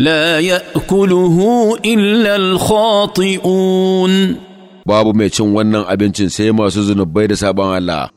لا يأكله illal الخاطئون babu mai cin wannan abincin sai masu zunubai da sabon Allah